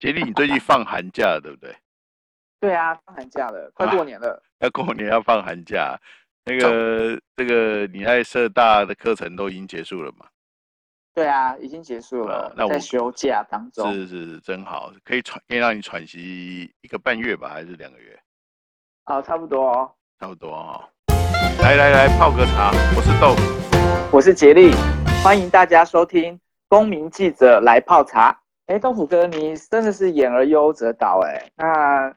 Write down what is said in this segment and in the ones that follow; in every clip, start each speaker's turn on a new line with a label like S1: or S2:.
S1: 傑利，你最近放寒假了， 對不對？
S2: 對啊，放寒假了，啊、
S1: 快過年了。啊、要過年要放寒假，那個 這個你在社大的課程都已經結束了嗎？
S2: 對啊，已經結束了，啊、那我在休假當中。是
S1: 是是，真好，可以喘，可以讓你喘息一個半月吧，還是兩個月？好、啊、差不多哦。差不多哦。來來來，泡個茶。我是豆腐，我是傑利，
S2: 歡迎大家收聽《公民記者來泡茶》。哎、欸，豆腐哥，你真的是演而優則導哎。那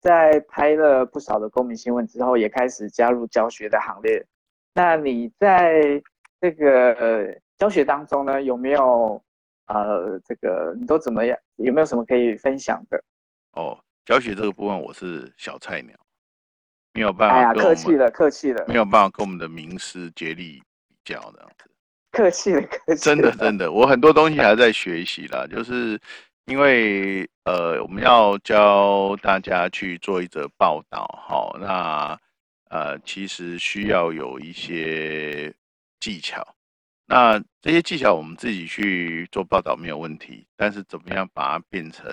S2: 在拍了不少的公民新聞之後，也開始加入教學的行列。那你在這個、呃、教學當中呢，有沒有呃這個你都怎麼樣？有沒有什麼
S1: 可以分享的？哦，教學這個部分我是小菜鳥，沒有辦法、哎。客氣
S2: 了，客氣了，沒
S1: 有辦法跟我們的名師竭力比較的。樣子。客氣了，客氣。真的，真的，我很多東西還在學習啦。 就是因為呃，我們要教大家去做一則報道，好，那呃，其實需要有一些技巧，那這些技巧我們自己去做報道沒有問題，但是怎麼樣把它變成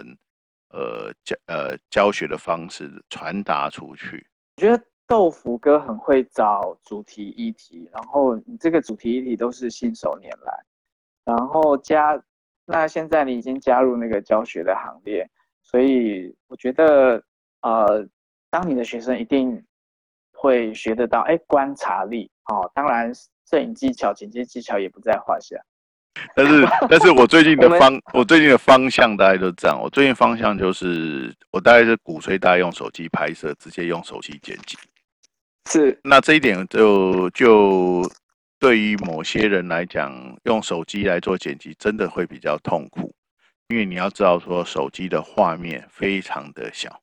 S1: 呃教呃教學的方式傳達出去？我覺得。
S2: 豆腐哥很會找主題議題，然後你這個主題議題都是信手拈來，然後加那現在你已經加入那個教學的行列，所以我覺得呃，當你的學生一定會學得到，哎、欸，觀察力哦，當然攝影技巧、剪接技巧也不在話下。
S1: 但是但是我最近的方 我，我最近的方向大概都這樣，我最近方向就是我大概是鼓吹大家用手機拍攝，直接用手機剪輯。是，那這一點就就對於某些人來講，用手機來做剪輯真的會比較痛苦，因為你要知道說手機的畫面非常的小。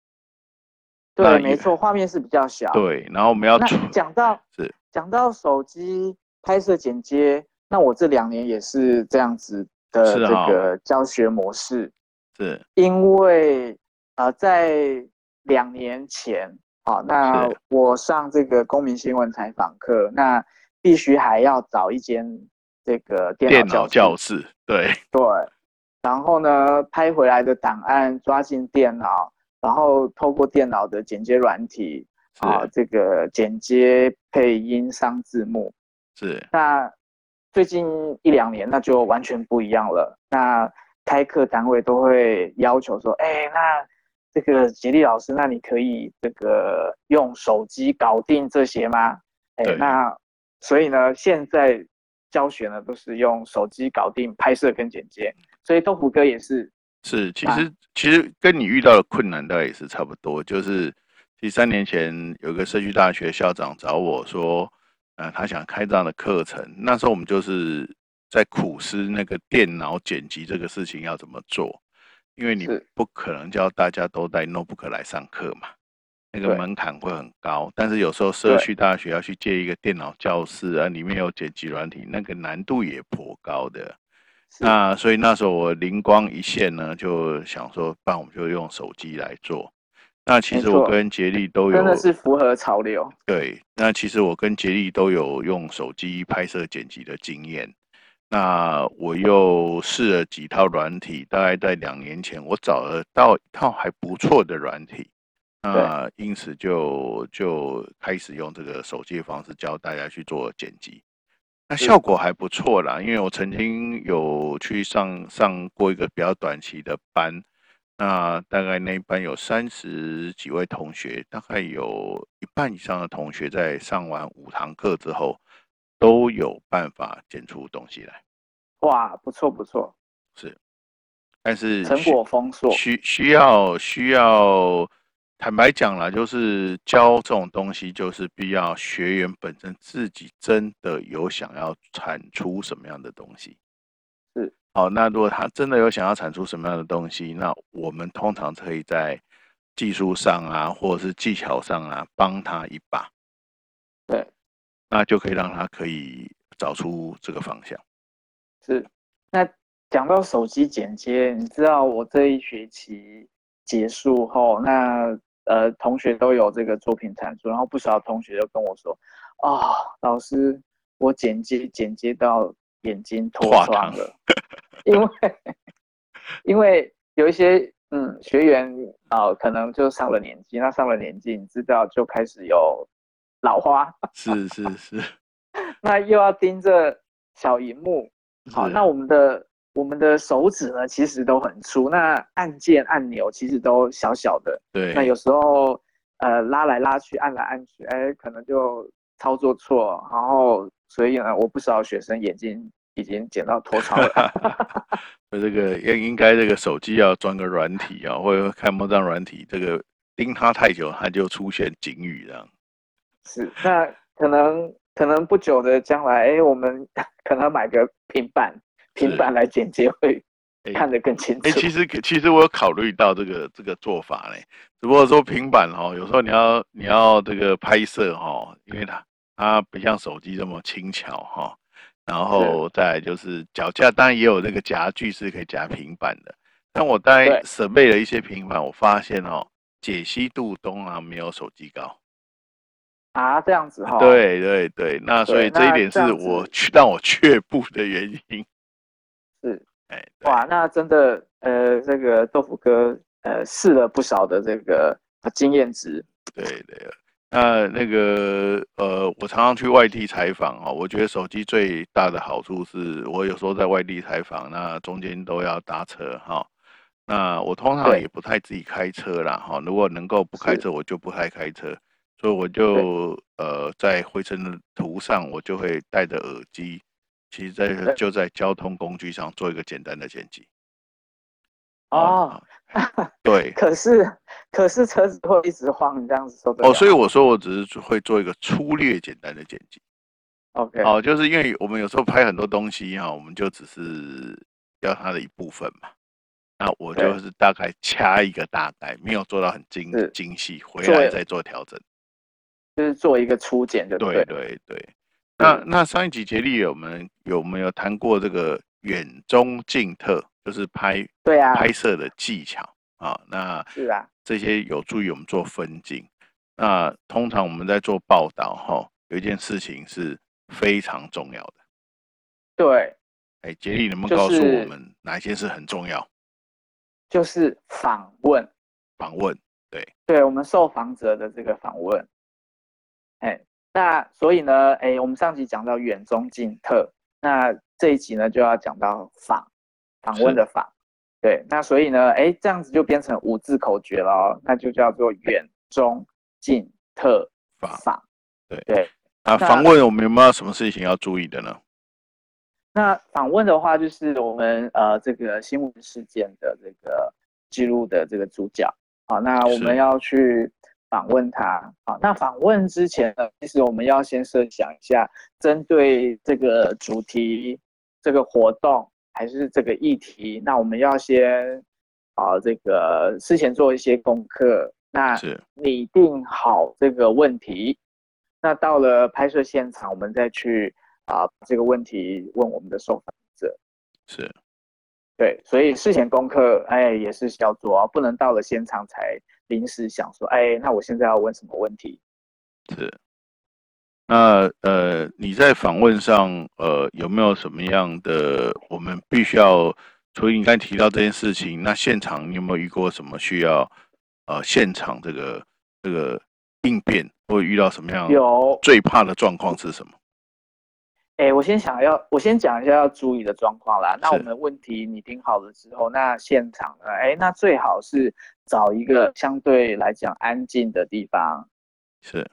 S1: 對，沒錯，
S2: 畫面是比較小。對，然後我們要講到是講到手機拍攝剪接，那我這兩年也是這樣子的這個教學模式。
S1: 是哦，是，
S2: 因為啊，呃，在兩年前。好，那我上這個公民新聞採訪課，那必須還要找一間這個電腦教、教
S1: 室，對
S2: 對。然後呢，拍回來的檔案抓進電腦，然後透過電腦的剪接軟體，啊，這個剪接、配音、上字幕。是。那最近一兩年，那就完全不一樣了。那開課單位都會要求說，哎、欸，那。這個傑利老師，那你可以這個用手機搞定這些嗎？哎、欸，那所以呢，現在教學呢都是用手機搞定拍攝跟剪接，所以豆腐哥也是。
S1: 是，其實、啊、其實跟你遇到的困難倒也是差不多，就是其實三年前有個社區大學校長找我說，呃，他想開這樣的課程，那時候我們就是在苦思那個電腦剪輯這個事情要怎麼做。因為你不可能叫大家都帶 notebook 來上課嘛，那個門檻會很高。但是有時候社區大學要去借一個電腦教室啊，裡面有剪輯軟體，那個難度也頗高的。那所以那時候我靈光一現呢，就想說不然我們就用手機來做。那其實我跟傑利都有，真的
S2: 是符合潮流。
S1: 對，那其實我跟傑利都有用手機拍攝剪輯的經驗。那我又試了幾套軟體，大概在兩年前，我找得到一套還不錯的軟體，那因此就就開始用這個手機的方式教大家去做剪輯，那效果還不錯啦，因為我曾經有去上上過一個比較短期的班，那大概那一班有三十幾位同學，大概有一半以上的同學在上完五堂課之後。都有辦法剪出東西來，
S2: 哇，不錯不錯，
S1: 是，但是成果豐碩，需需要需要，坦白講啦，就是教這種東西，就是必要學員本身自己真的有想要產出什麼樣的東西，是，好，那如果他真的有想要產出什麼樣的東西，那我們通常可以在技術上啊，或者是技巧上啊，幫他一把，嗯，對。那就可以讓他可以找出這個方向，
S2: 是。那講到手機剪接，你知道我這一學期結束後，那呃同學都有這個作品產出，然後不少同學都跟我說，啊、哦，老師，我剪接剪接到眼睛脫窗了。 因為因為有一些嗯學員啊、哦，可能就上了年紀，那上了年紀你知道就開始有。老花
S1: 是是是 ，
S2: 那又要盯着小熒幕，好，那我們的我們的手指呢，其實都很粗，那按鍵按鈕其實都小小的，對，那有時候呃拉來拉去，按來按去，哎、欸，可能就操作錯，然後所以呢，我不少學生眼睛已經剪到脫窗
S1: 了。 所以 這個應應該這個手機要裝個軟體啊，或者看不到軟體，這個盯它太久，它就出現警語這樣。
S2: 是，那可能可能不久的將來，哎，我們可能買個平板，平板來剪接會看得更清楚。哎、欸欸，其
S1: 實其實我有考慮到這個這個做法嘞，只不過說平板哦，有時候你要你要這個拍攝哦，因為它它不像手機這麼輕巧哈、哦，然後再就是腳架，當然也有那個夾具是可以夾平板的。但我在準備了一些平板，我發現哦，解析度都啊沒有手機高。啊，這樣子哈，對對對，對，那所以這一點是我讓我卻步的原因，是，哎、欸，
S2: 哇，那真的，呃，這個豆腐哥，呃，試了不少的這個經驗值，
S1: 對，對對，那那個，呃，我常常去外地採訪啊，我覺得手機最大的好處是，我有時候在外地採訪，那中間都要搭車哈、哦，那我通常也不太自己開車啦。哈，如果能夠不開車，我就不太開車。所以我就呃在回程的途上，我就會戴着耳機，其實在就在交通工具上做一個簡單的剪輯。哦，嗯、對，
S2: 可是可是車子會一直晃，這樣子說哦，
S1: 所以我說我只是會做一個粗略簡單的剪輯。OK，哦、嗯，就是因為我們有時候拍很多東西哈、哦，我們就只是要它的一部分嘛。那我就是大概掐一個大概，沒有做到很精細精細，回來再做調整。
S2: 就是做一個初剪，對對
S1: 對。那那上一集傑利有沒有有沒有談過這個遠中近特，就是拍對啊拍攝的技巧啊？那是啊，這些有助於我們做分鏡、啊。那通常我們在做報道哈、哦，有一件事情是非常重要的。對，哎、欸，傑利能不能、就是、告訴我們哪一件事很重要？就是訪問，訪問，
S2: 對，對我們受訪者的這個訪問。哎、欸，那所以呢，哎、欸，我們上集講到遠中近特，那這一集呢，就要講到訪訪問的訪，對，那所以呢，哎、欸，這樣子就變成五字口訣了哦，那就叫做遠中近特訪，對
S1: 對，啊，訪問我們有沒有什麼事情要注意的呢？
S2: 那訪問的話，就是我們呃這個新聞事件的這個記錄的這個主角，好、啊，那我們要去。訪問他啊，那訪問之前呢，其實我們要先設想一下，針對這個主題、這個活動還是這個議題，那我們要先啊，這個事前做一些功課，那擬定好這個問題，那到了拍攝現場，我們再去啊，把這個問題問我們的受訪者，是，對，所以事前功課，哎，也是要做，不能到了現場才。
S1: 臨時想說，哎、欸，那我現在要問什麼問題？是，那呃，你在訪問上，呃，有沒有什麼樣的我們必須要？所以你剛才提到這件事情，那現場你有沒有遇過什麼需要？呃，現場這個這個應變或遇到什麼樣有。最怕的狀況是什麼？
S2: 哎，我先想要，我先講一下要注意的狀況啦。那我們問題你聽好了之後，那現場啊，哎，那最好是找一個相對來講安靜的地方。是。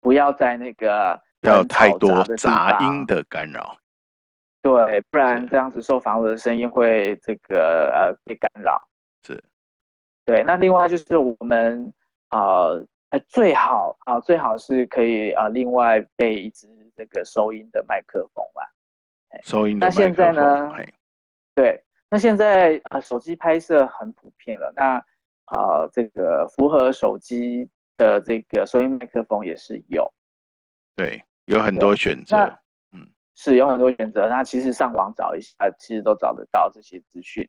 S2: 不要在那個
S1: 要太多雜,雜音的干擾。
S2: 對，不然這樣子受訪者的聲音會這個呃被干擾。是。對，那另外就是我們啊、呃，最好啊、呃，最好是可以啊、呃，另外備一支。那、這個收音的麥克風吧、哎，
S1: 收音的麥克風。那現在呢？哎、
S2: 對，那現在啊、呃，手機拍攝很普遍了。那啊、呃，這個符合手機的這個收音麥克風也是有，
S1: 對，有很多選擇。
S2: 嗯，是有很多選擇。那其實上網找一下，其實都找得到這些資訊。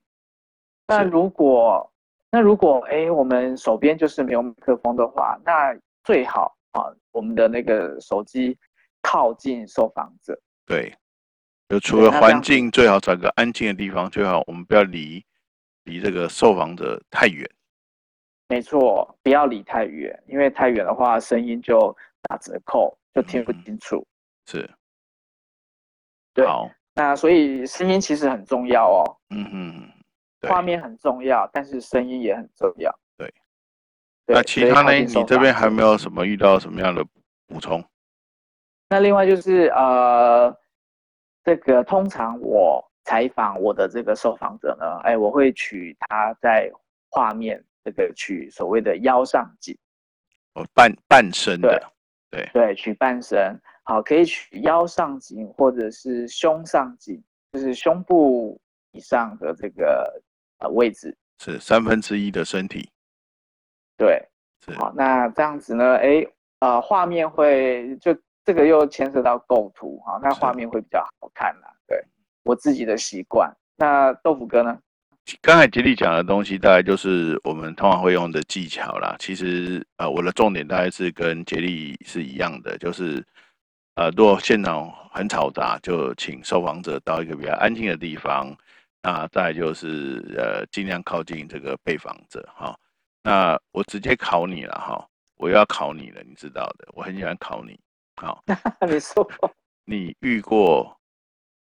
S2: 那如果，那如果哎，我們手邊就是沒有麥克風的話，那最好啊，我們的那個手機。靠近受訪者，
S1: 對，就除了環境、那個、最好找個安靜的地方，最好我們不要離離這個受訪者太遠。
S2: 沒錯，不要離太遠，因為太遠的話聲音就打折扣，就聽不清楚。嗯、是，對。好，那所以聲音其實很重要哦。嗯哼，畫面很重要，但是聲音也
S1: 很重要。對。對，那其他呢？你這邊還沒有什麼遇到什麼樣的補充？
S2: 那另外就是呃，這個通常我採訪我的這個受訪者呢，哎、欸，我會取他在畫面這個取所謂的腰上景，
S1: 哦，半半身的，對，
S2: 對，對，取半身，好，可以取腰上景或者是胸上景，就是胸部以上
S1: 的這個呃位置，是三分之一的身體，對，是，好，
S2: 那這樣子呢，哎、欸，呃，畫面會就。這個又牽涉到構圖哈，那、哦、畫面會比較好看
S1: 啦。對我自己的習慣，那豆腐哥呢？剛才杰利講的東西，大概就是我們通常會用的技巧啦。其實呃，我的重點大概是跟杰利是一樣的，就是呃，如果現場很嘈雜，就請受訪者到一個比較安靜的地方。那、呃、再就是呃，儘量靠近這個被訪者哈、哦。那我直接考你了哈、哦，我又要考你了，你知道的，我很喜歡考你。好，你說。你遇過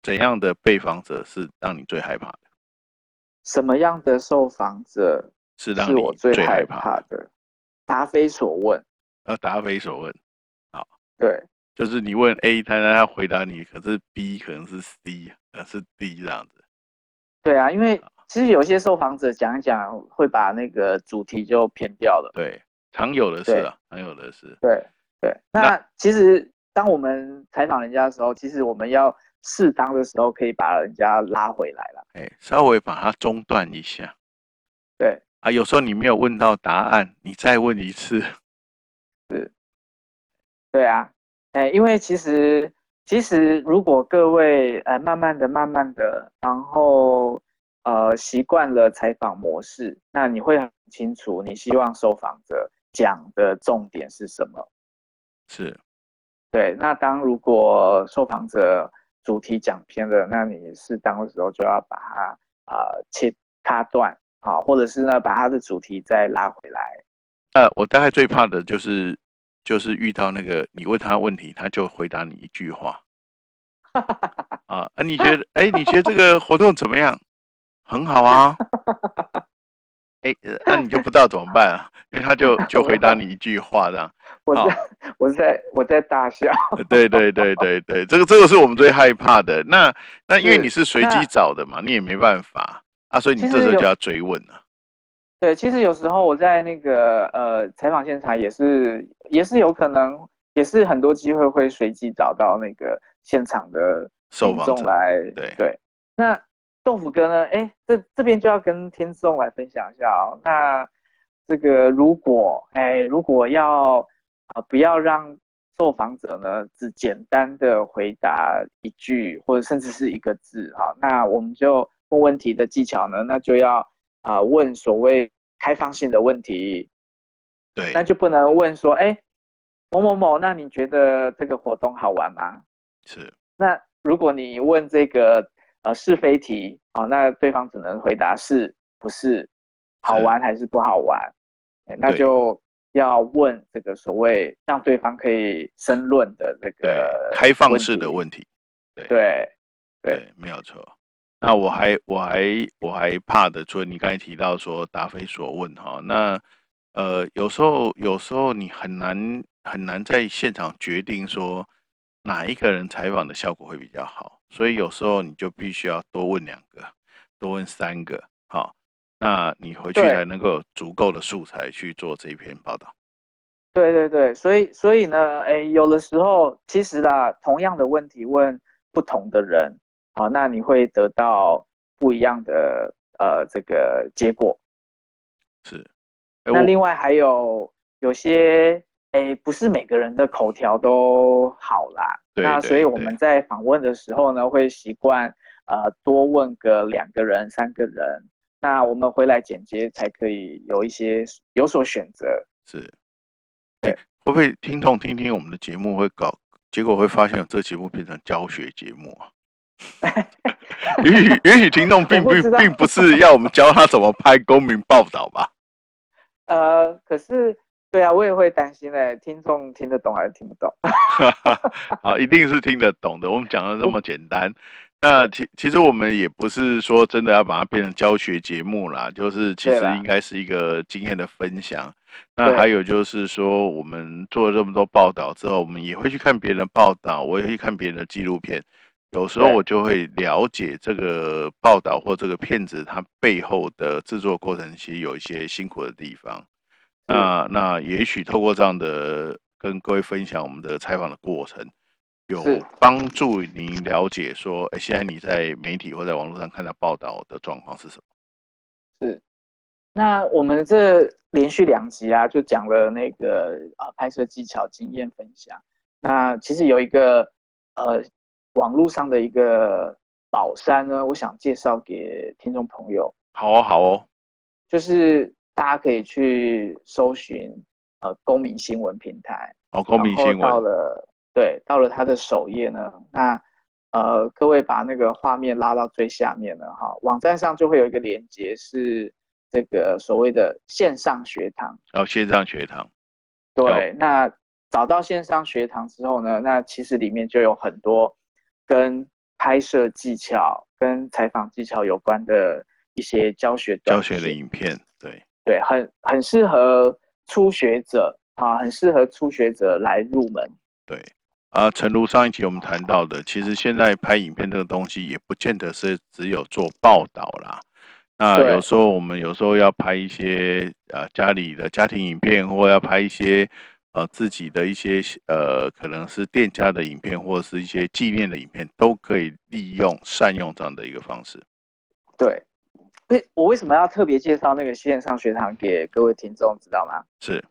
S1: 怎樣的被訪者是讓你最害怕的？
S2: 什麼樣的受訪
S1: 者是讓你最害怕的？答非所問。呃、啊、答非所問。好。對，就是你問 A，他他他回答你，可是 B 可能是 C，而是 D 這樣子。
S2: 對啊，因為其實有些受訪者講一講，會把那個主題就偏掉了。
S1: 對，常有的事啊，常有的事。
S2: 對。對，那，那其實當我們採訪人家的時候，其實我們要適當的時候可以把人家拉回來了，
S1: 哎、欸，稍微把它中斷一下，
S2: 對，
S1: 啊，有時候你沒有問到答案，你再問一次，是，
S2: 對啊，哎、欸，因為其實其實如果各位呃慢慢的慢慢的，然後呃習慣了採訪模式，那你會很清楚你希望受訪者講的重點是什麼？是，對。那當如果受訪者主題講偏了，那你適當的時候就要把它、呃、切他斷好、啊，或者是呢把他的主題再拉回來。
S1: 呃，我大概最怕的就是就是遇到那個你問他問題，他就回答你一句話 啊。啊你覺得哎、欸，你覺得這個活動怎麼樣？很好啊。哎、 欸，那、啊、你就不知道怎麼辦啊，因為他就就回答你一句話這樣。我在
S2: 我在我在大笑。
S1: 對對對對對， 這個這個是我們最害怕的。那那因為你是隨機找的嘛，你也沒辦法啊，所以你這時候就要追問
S2: 了。對，其實有時候我在那個呃採訪現場也是也是有可能也是很多機會會隨機找到那個現場的受眾來。對對，那豆腐哥呢？哎，這這邊就要跟聽眾來分享一下哦。那這個如果哎，如果要。啊、哦，不要讓受訪者呢只簡單的回答一句，或者甚至是一個字。哈、哦，那我們就問問題的技巧呢，那就要啊、呃、問所謂開放性的問題。對，那就不能問說，哎、欸，某某某，那你覺得這個活動好玩嗎？
S1: 是。那
S2: 如果你問這個呃是非題，哦，那對方只能回答是，不是，
S1: 好玩還
S2: 是不好玩？
S1: 欸、那就。
S2: 要問這個所謂讓對方可以
S1: 申論的那個開放式的問題，對對對，對，對，沒有錯。那我還我還我還怕的，所以你剛才提到說答非所問哈、哦。那呃，有時候有時候你很難很難在現場決定說
S2: 哪一個人
S1: 採訪的效果會比較好，所以有時候你就必須要多問兩個，多問三個，好、哦。那你回去還能夠有足夠的素材去做這一篇報道
S2: 對對對，所以所以呢，哎、欸，有的時候其實啦，同樣的問題問不同的人，啊，那你會得到不一樣的呃這個結果。
S1: 是。欸，那另外
S2: 還有有些哎、欸，不是每個人的口條都好啦。對，對，對。那所以我們在訪問的時候呢，會習慣呃多問個兩個人三個人。那我們回來剪接才可以有一些有所選
S1: 擇。是、欸，會不會聽眾聽聽我們的節目會搞，結果會發現這節目變成教學節目啊？ 也許也許聽眾並不並不是要我們教他怎麼拍公民報導吧。
S2: 呃，可是對啊，我也會擔心哎、欸，聽眾聽得懂還是聽不
S1: 懂？好， 一定是聽得懂的，我們講得這麼簡單。那其其實我們也不是說真的要把它變成教學節目啦，就是其實應該是一個經驗的分享。
S2: 那還有
S1: 就是說，我們做了這麼多報道之後，我們也會去看別人的報道，我也會去看別人的紀錄片。有時候我就會了解這個報道或這個片子它背後的制作過程，其實有一些辛苦的地方。那那也許透過這樣的跟各位分享我們的採訪的過程。有幫助您了解說，哎，現在你在媒體或在網絡上看到報道的狀況是什麼？是。
S2: 那我們這連續兩集啊，就講了那個啊、呃、拍攝技巧經驗分享。那其實有一個呃網絡上的一個寶山呢，我想介紹給聽眾朋友。
S1: 好啊、哦，好
S2: 哦。就是大家可以去搜尋呃公民新聞平台。哦，公民新聞到了。對，到了他的首頁呢，那呃，各位把那個畫面拉到最下面了哈、哦，網站上就會有一個連接是這個所謂的線上學堂。
S1: 哦，線上學堂。
S2: 對、哦，那找到線上學堂之後呢，那其實裡面就有很多跟拍攝技巧、跟採訪技巧有關的一些教學教
S1: 學的影片，對
S2: 對，很很適合初學者啊、哦，很適合初學者來入門。
S1: 對。啊，誠如上一期我們談到的，其實現在拍影片這個東西也不見得是只有做報道啦。
S2: 那有時
S1: 候我們有時候要拍一些啊、呃、家裡的家庭影片，或要拍一些呃自己的一些呃可能是店家的影片，或者是一些紀念的影片，都可以利用善用這樣的一個方式。
S2: 對，我為什麼要特別介紹那個線上學堂給各位聽眾知道嗎？
S1: 是，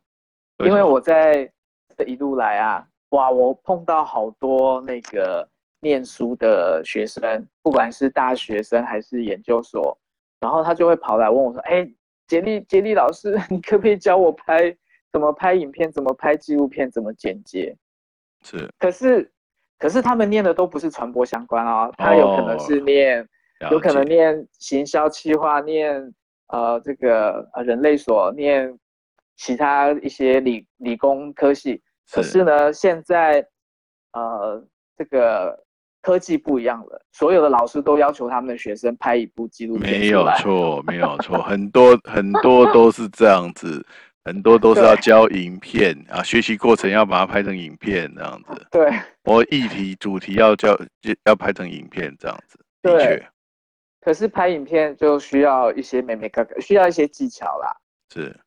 S1: 因為
S2: 我在這一路來啊。哇，我碰到好多那個念書的學生，不管是大學生還是研究所，然後他就會跑來問我說：“哎、欸，傑利傑利老師，你可不可以教我拍？怎麼拍影片？怎麼拍紀錄片？怎麼剪輯？”
S1: 是。
S2: 可是，可是他們念的都不是傳播相關啊、哦，他有可能是念，哦、有可能念行銷企劃，念呃這個人類所，念其他一些理理工科系。是，可是呢，現在，呃，這個科技不一樣了，所有的老師都要求他們的學生拍一部紀錄片。沒有錯，
S1: 沒有錯， 很多很多都是這樣子，很多都是要教影片啊，學習過程要把它拍成影片這樣子。對，我議題主題要教要拍成影片這樣子。
S2: 對，的確，可是拍影片就需要一些眉眉角角，需要一些技巧啦。
S1: 是。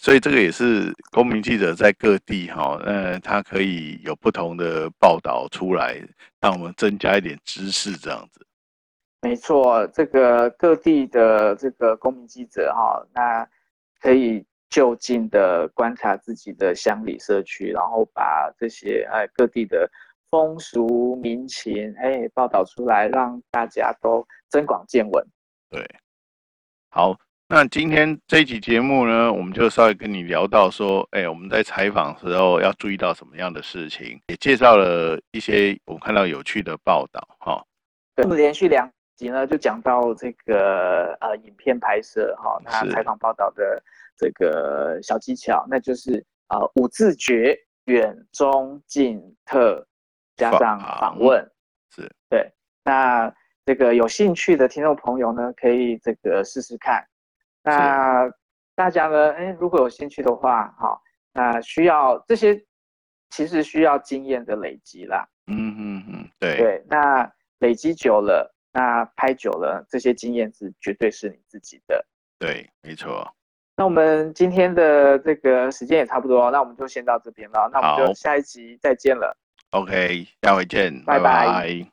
S1: 所以這個也是公民記者在各地哈、哦，呃，他可以有不同的報道出來，讓我們增加一點知識這樣子。
S2: 沒錯，這個各地的這個公民記者哈、哦，那可以就近的觀察自己的鄉里社區，然後把這些哎各地的風俗民情哎報道出來，讓大家都增廣見聞。
S1: 對，好。那今天這一集節目呢，我們就稍微跟你聊到說，哎、欸，我們在採訪時候要注意到什麼樣的事情，也介紹了一些我們看到有趣的報道哈。
S2: 對，我們連續兩集呢，就講到這個呃，影片拍攝哈，那採訪報道的這個小技巧，那就是啊、呃，五字訣：遠、中、近、特，
S1: 加上訪問。是，
S2: 對。那這個有興趣的聽眾朋友呢，可以這個試試看。那大家呢，誒，如果有興趣的話，好，那需要這些，其實需要經驗的累積啦。嗯嗯嗯，對。對，那累積久了，那拍久了，這些經驗是絕對是你自己的。
S1: 對，沒錯。
S2: 那我們今天的這個時間也差不多，那我們就先到這邊了。好。那我們就下一集再見了。
S1: OK，下回見。拜拜。拜拜。